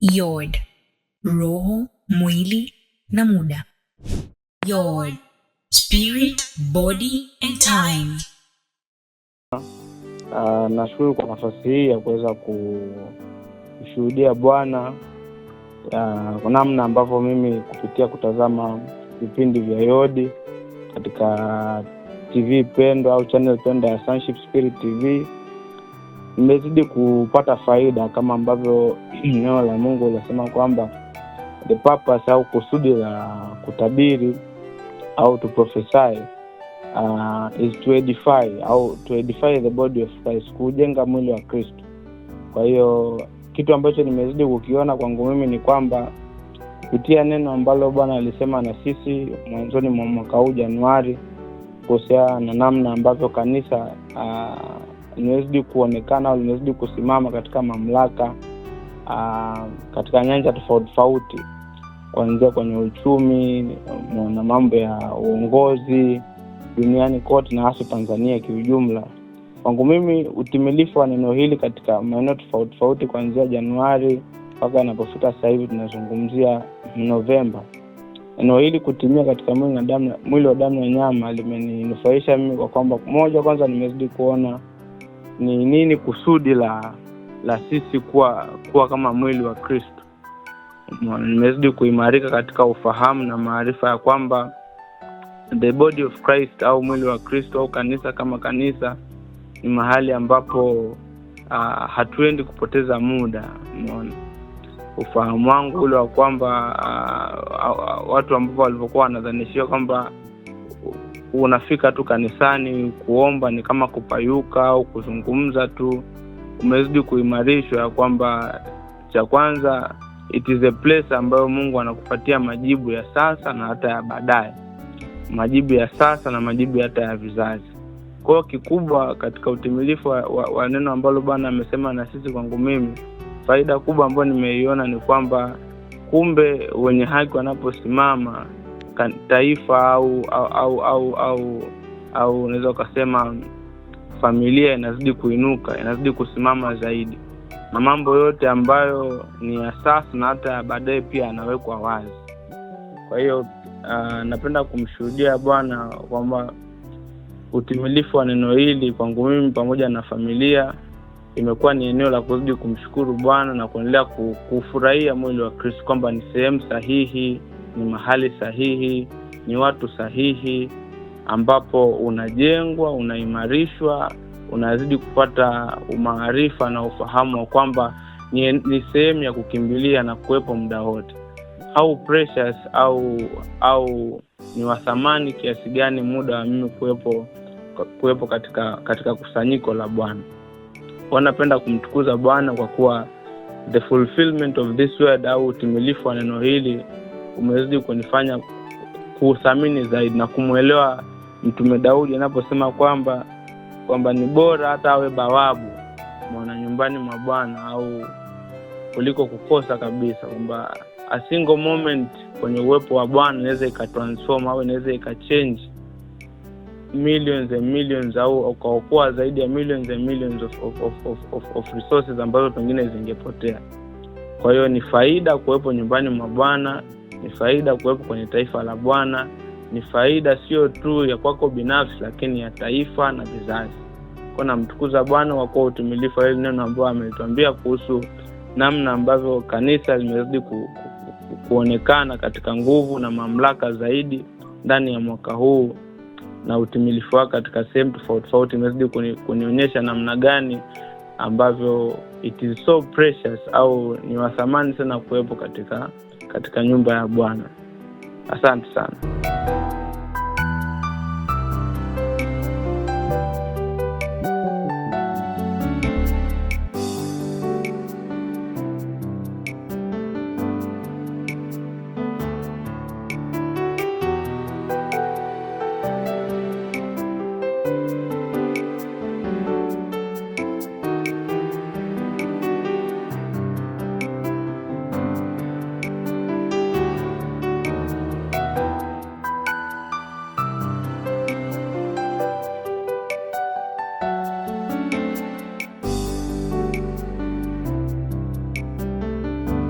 Yod: roho, mwili na muda. Yod: spirit, body and time. Uh, nashukuru kwa nafasi hii ya kuweza kushuhudia Bwana uh, namna ambavyo mimi kupitia kutazama vipindi vya Yodi katika TV pendwa au channel pendwa ya Sonship Spirit TV nimezidi kupata faida kama ambavyo neno la Mungu linasema kwamba the purpose au kusudi la kutabiri au to prophesy uh, is to edify au to edify the body of Christ, kujenga mwili wa Kristo. Kwa hiyo kitu ambacho nimezidi kukiona kwangu mimi ni kwamba kupitia neno ambalo Bwana alisema na sisi mwanzoni mwa mwaka huu Januari, kuhusiana na namna ambavyo kanisa uh, limezidi kuonekana au limezidi kusimama katika mamlaka uh, katika nyanja tofauti tofauti, kuanzia kwenye uchumi na mambo ya uongozi duniani kote na hasa Tanzania kiujumla. Kwangu mimi utimilifu wa neno hili katika maeneo tofauti tofauti, kuanzia Januari mpaka inapofika sasa hivi tunazungumzia Novemba, neno hili kutimia katika mwili wa damu na nyama limeninufaisha mimi kwa kwamba, moja, kwanza nimezidi kuona ni nini kusudi la la sisi kuwa kuwa kama mwili wa Kristo. Nimezidi kuimarika katika ufahamu na maarifa ya kwamba the body of Christ au mwili wa Kristo au kanisa kama kanisa ni mahali ambapo uh, hatuendi kupoteza muda. Umeona, ufahamu wangu ule wa kwamba uh, watu ambao walivyokuwa wanadhanishiwa kwamba unafika tu kanisani kuomba ni kama kupayuka au kuzungumza tu, umezidi kuimarishwa kwamba cha kwanza it is a place ambayo Mungu anakupatia majibu ya sasa na hata ya baadaye, majibu ya sasa na majibu hata ya vizazi. Kwa kikubwa katika utimilifu wa, wa, wa neno ambalo Bwana amesema na sisi, kwangu mimi faida kubwa ambayo nimeiona ni kwamba kumbe wenye haki wanaposimama taifa au au au au, au unaweza ukasema familia inazidi kuinuka, inazidi kusimama zaidi, na mambo yote ambayo ni ya sasa na hata ya baadaye pia yanawekwa wazi. Kwa hiyo uh, napenda kumshuhudia Bwana kwamba utimilifu wa neno hili kwangu mimi pamoja na familia imekuwa ni eneo la kuzidi kumshukuru Bwana na kuendelea kufurahia mwili wa Kristo kwamba ni sehemu sahihi ni mahali sahihi, ni watu sahihi, ambapo unajengwa, unaimarishwa, unazidi kupata umaarifa na ufahamu wa kwamba ni, ni sehemu ya kukimbilia na kuwepo muda wote. au precious au au ni wa thamani kiasi gani muda wa mimi kuwepo kuwepo katika katika kusanyiko la Bwana. Wanapenda kumtukuza Bwana kwa kuwa the fulfillment of this word au utimilifu wa neno hili umezidi kunifanya kuthamini zaidi na kumwelewa Mtume Daudi anaposema kwamba kwamba ni bora hata awe bawabu mwana nyumbani mwa Bwana au kuliko kukosa kabisa, kwamba a single moment kwenye uwepo wa Bwana inaweza ikatransform au inaweza ikachange millions and millions au ukaokoa zaidi ya millions and millions of, of, of, of, of resources ambazo pengine zingepotea. Kwa hiyo ni faida kuwepo nyumbani mwa Bwana. Ni faida kuwepo kwenye taifa la Bwana, ni faida sio tu ya kwako binafsi, lakini ya taifa na vizazi. Kwa namtukuza Bwana kwa kuwa utumilifu wa hili neno ambayo ametuambia kuhusu namna ambavyo kanisa limezidi ku, ku, kuonekana katika nguvu na mamlaka zaidi ndani ya mwaka huu na utimilifu wake katika sehemu tofauti tofauti imezidi kuni, kunionyesha namna gani ambavyo it is so precious au ni wathamani sana kuwepo katika katika nyumba ya Bwana. Asante sana.